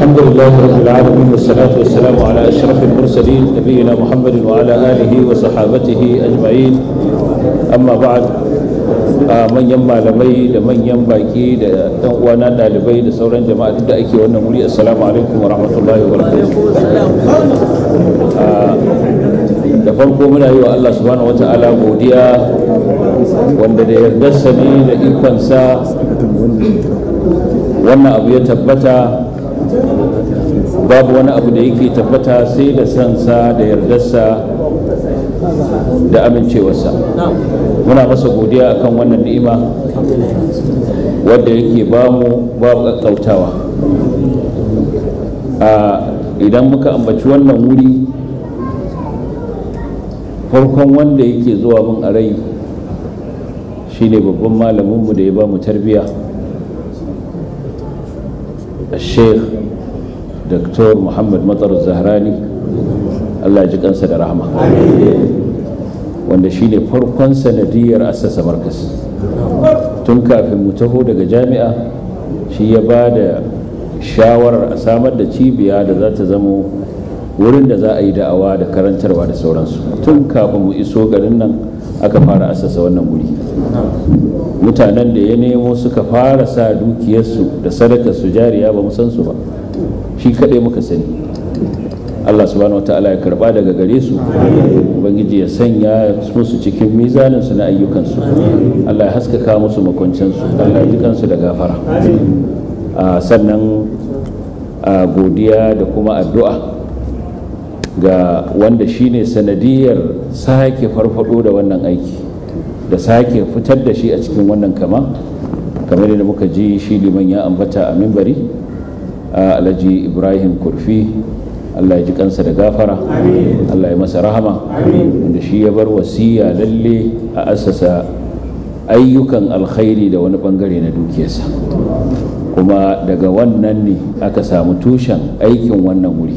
الحمد لله رب العالمين والصلاة والسلام على أشرف المرسلين نبينا محمد وعلى آله وصحابته أجمعين أما بعد من يما لمي لمن يما كي وانا دالبي لسورا جماعة دائكي وانا مولي السلام عليكم ورحمة الله وبركاته da farko muna yi wa Allah subhanahu wa ta'ala godiya wanda da yardarsa ne da ikonsa wannan abu ya tabbata babu wani abu da yake tabbata sai da sansa da yardarsa da amincewarsa muna masa godiya akan wannan ni'ima wadda yake bamu babu kakkautawa idan muka ambaci wannan wuri farkon wanda yake zuwa min a rai shine babban malaminmu da ya ba mu bamu a الشيخ Dr. Muhammad Matsar Zahrani Allah ji kansa da rahama wanda shine farkon sanadiyar assasa markas tun kafin mu taho daga jami'a shi ya ba da shawarar a samar da cibiya da za ta zamo wurin da za a yi da'awa da karantarwa da sauransu tun kafin mu iso garin nan aka fara asasa wannan guri mutanen da ya nemo suka fara sa dukiyarsu da sadaka su jariya ba mu san su ba shi kaɗai muka sani Allah subhanahu wa ta'ala ya karba daga gare su ubangiji ya sanya musu cikin mizaninsu na ayyukansu Allah ya haskaka musu makwancin su Allah ya ji kansu da gafara sannan godiya da kuma addu'a ga wanda shine sanadiyar sake farfado da wannan aiki da sake fitar da shi a cikin wannan kama kamar da muka ji shi liman ya ambata a mimbari Alaji ibrahim kurfi allah ya ji kansa da gafara allah ya masa rahama wanda shi ya bar wasiya lalle a asasa ayyukan alkhairi da wani bangare na dukiyarsa kuma daga wannan ne aka samu tushen aikin wannan wuri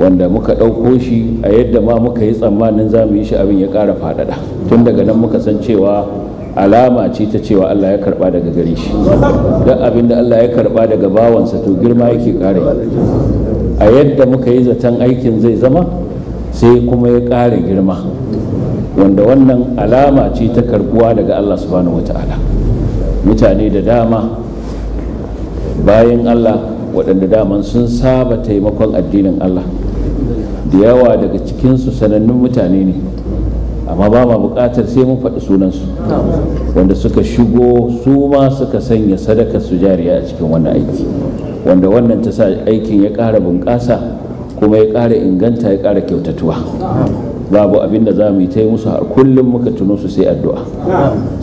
wanda muka ɗauko shi a yadda ma muka yi tsammanin za mu yi shi abin ya ƙara faɗaɗa tun daga nan muka san cewa alama ce ta cewa Allah ya karba daga gare shi duk abin da Allah ya karba daga bawansa to girma yake kare a yadda muka yi zaton aikin zai zama sai kuma ya kare girma wanda wannan alama ce ta karbuwa daga Allah subhanahu wata'ala mutane da dama bayan Allah waɗanda dama sun saba taimakon addinin Allah da yawa daga cikinsu sanannun mutane ne amma ba ma bukatar sai mun faɗi sunansu wanda suka shigo su ma suka sanya sadaka su jariya a cikin wannan aiki wanda wannan ta sa aikin ya ƙara bunƙasa kuma ya ƙara inganta ya ƙara kyautatuwa babu abin da za mu yi ta yi musu har kullum muka tuno su sai addu'a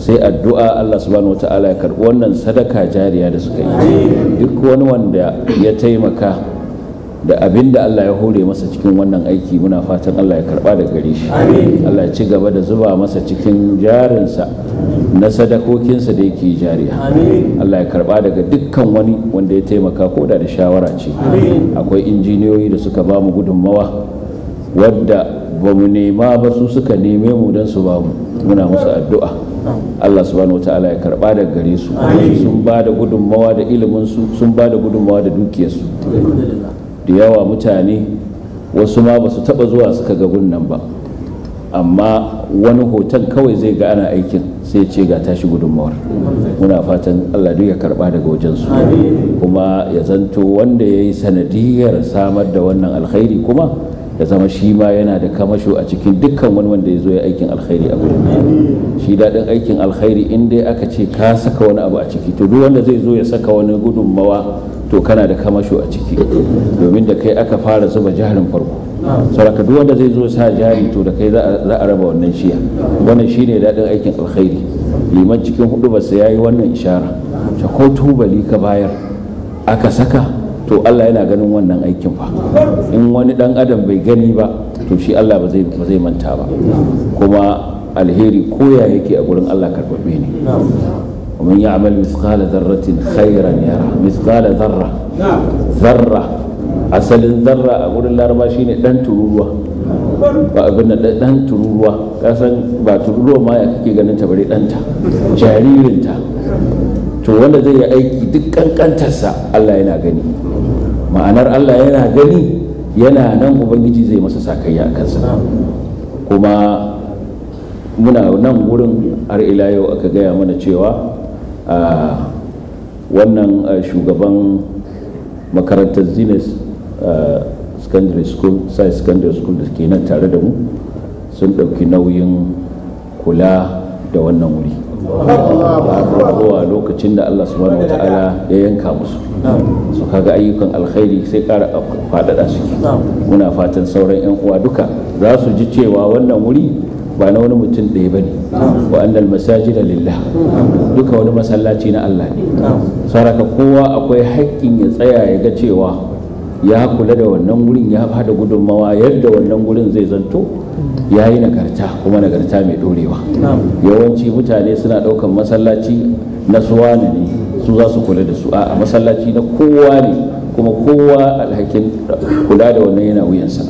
sai addu'a Allah subhanahu wataala ya karɓi wannan sadaka jariya da suka yi duk wani wanda ya taimaka da abin da Allah ya hore masa cikin wannan aiki muna fatan Allah ya karba da gare shi Allah ya ci gaba da zuba masa cikin jarinsa na sadakokinsa da yake jariya Allah ya karba daga dukkan wani wanda ya taimaka ko da shawara ce akwai injiniyoyi da suka bamu mu gudunmawa wadda ba mu nema ba su suka neme mu don su ba mu muna musu addu'a Allah subhanahu wataala ya karba da gare su sun ba da gudunmawa da ilimin su sun ba da gudunmawa da dukiyarsu da yawa mutane wasu ma ba su taɓa zuwa suka ga gunnan ba amma wani hoton kawai zai ga ana aikin sai ce ga tashi gudunmawar muna fatan allah duk ya karba daga wajen su kuma ya zanto wanda ya yi sanadiyar samar da wannan alkhairi kuma da zama shi ma yana da kamasho a cikin dukkan wani wanda ya zo ya aikin alkhairi a gurin shi daɗin aikin alkhairi in dai aka ce ka saka wani abu a ciki to duk wanda zai zo ya saka wani gudunmawa to kana da kamasho a ciki domin da kai aka fara zuba jarin farko saraka duk wanda zai zo sa jari to da kai za a raba wannan shiya wannan shi ne daɗin aikin alkhairi liman cikin hudu ba su yayi wannan ishara ta ko tubali ka bayar aka saka to Allah yana ganin wannan aikin fa in wani dan adam bai gani ba to shi Allah ba zai ba zai manta ba kuma alheri koya yake a gurin Allah karbabbe ne ومن يعمل مثقال ذرة خيرا يرى مثقال ذرة ذرة asalin zarra a wurin laraba shine dan tururuwa ba abin da dan tururuwa kasan ba tururuwa ma ya kake ganin ta bare danta jaririnta to wanda zai yi aiki duk kankantarsa Allah yana gani ma'anar Allah yana gani yana nan ubangiji zai masa sakayya a kansa kuma muna nan wurin har ila yau aka gaya mana cewa wannan shugaban makarantar zines secondary school science secondary school da ke nan tare da mu sun ɗauki nauyin kula da wannan wuri zuwa lokacin da Allah subhanahu ta'ala ya yanka musu su kaga ayyukan alkhairi sai kara faɗaɗa su muna fatan sauran 'yan uwa duka za su ji cewa wannan wuri ba na wani mutum ɗaya ba ne wa annal masajid lillah duka wani masallaci na Allah ne saraka kowa akwai haƙƙin ya tsaya ya ga cewa ya kula da wannan wurin ya bada gudunmawa yadda wannan wurin zai zanto ya yi nagarta kuma nagarta mai dorewa yawanci mutane suna ɗaukan masallaci na suwa ne su za su kula da su a masallaci na kowa ne kuma kowa alhakin kula da wannan yana wuyansa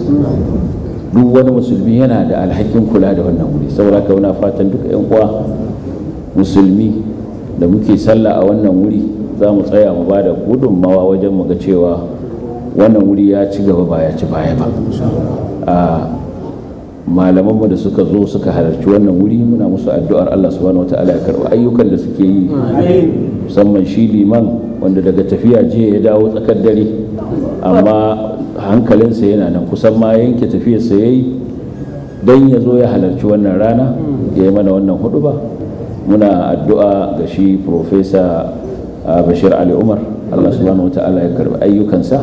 duk wani musulmi yana da alhakin kula da wannan wuri saboda haka muna fatan duk yan uwa musulmi da muke sallah a wannan wuri za mu tsaya mu ba da gudunmawa wajen mu ga cewa wannan wuri ya ci gaba ba ya ci baya ba malamanmu da suka zo suka halarci wannan wuri muna musu addu'ar Allah subhanahu wata'ala ya karɓi ayyukan da suke yi musamman shi liman wanda daga tafiya jiya ya dawo tsakar dare amma hankalinsa yana nan kusan ma yanke tafiyarsa ya yi don ya zo ya halarci wannan rana ya yi mana wannan hudu ba muna addu'a ga shi profesa ah, bashir ali umar Allah subhanahu wataala ya karbi ayyukansa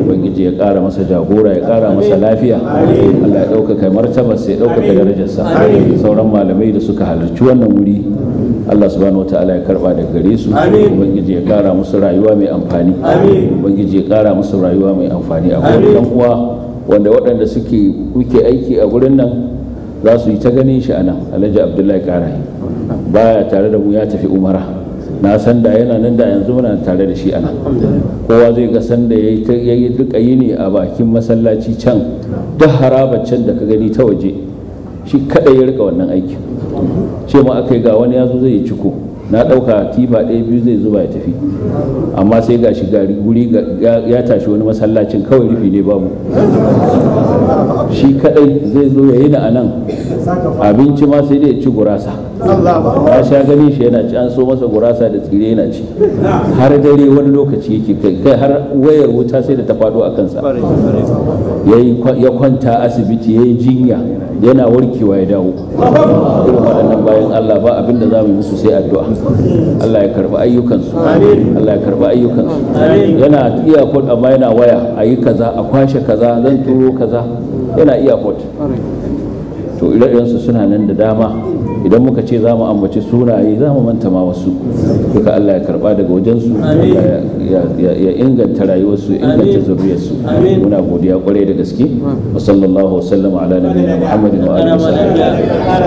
ubangiji ya kara masa jagora ya kara masa lafiya Allah ya ɗaukaka sai ya ɗaukaka darajarsa sauran malamai da suka halarci wannan wuri Allah subhanahu wataala ya karba da gare su ubangiji ya kara musu rayuwa mai amfani ubangiji ya kara musu rayuwa mai amfani a dan uwa wanda waɗanda suke kuke aiki a wurin nan za su yi ta ganin shi a nan alhaji abdullahi karahi baya tare da mu ya tafi umara na san da yana nan da yanzu muna tare da shi ana kowa zai ga san da ya yi duka yini a bakin masallaci can duk haraba can da ka gani ta waje shi kada ya rika wannan aikin ce ma aka ga wani ya zai yi ciko na ɗauka tiba ɗaya biyu zai zuba ya tafi amma sai ga shi guri ya tashi wani masallacin kawai rufi ne babu shi kadai zai zo ya yi na nan abinci ma sai dai ya ci gurasa ya sha gani shi yana ci an so masa gurasa da tsire yana ci har dare wani lokaci yake kai har wayar wuta sai da ta faɗo a kansa ya kwanta asibiti ya yi jinya yana warkewa ya dawo irin waɗannan bayan Allah ba abinda za mu yi musu sai addu'a Allah ya karba ayyukansu Allah ya karba ayyukansu yana iya kod amma yana waya a yi kaza a kwashe kaza zan turo kaza yana iya kod to ire su suna nan da dama idan muka ce za mu ambaci sunaye za mu manta ma wasu duka Allah ya karba daga wajensu ya inganta rayuwarsu ya inganta zuriyarsu muna godiya kwarai da gaske wa sallallahu ala nabiyina muhammadin wa alihi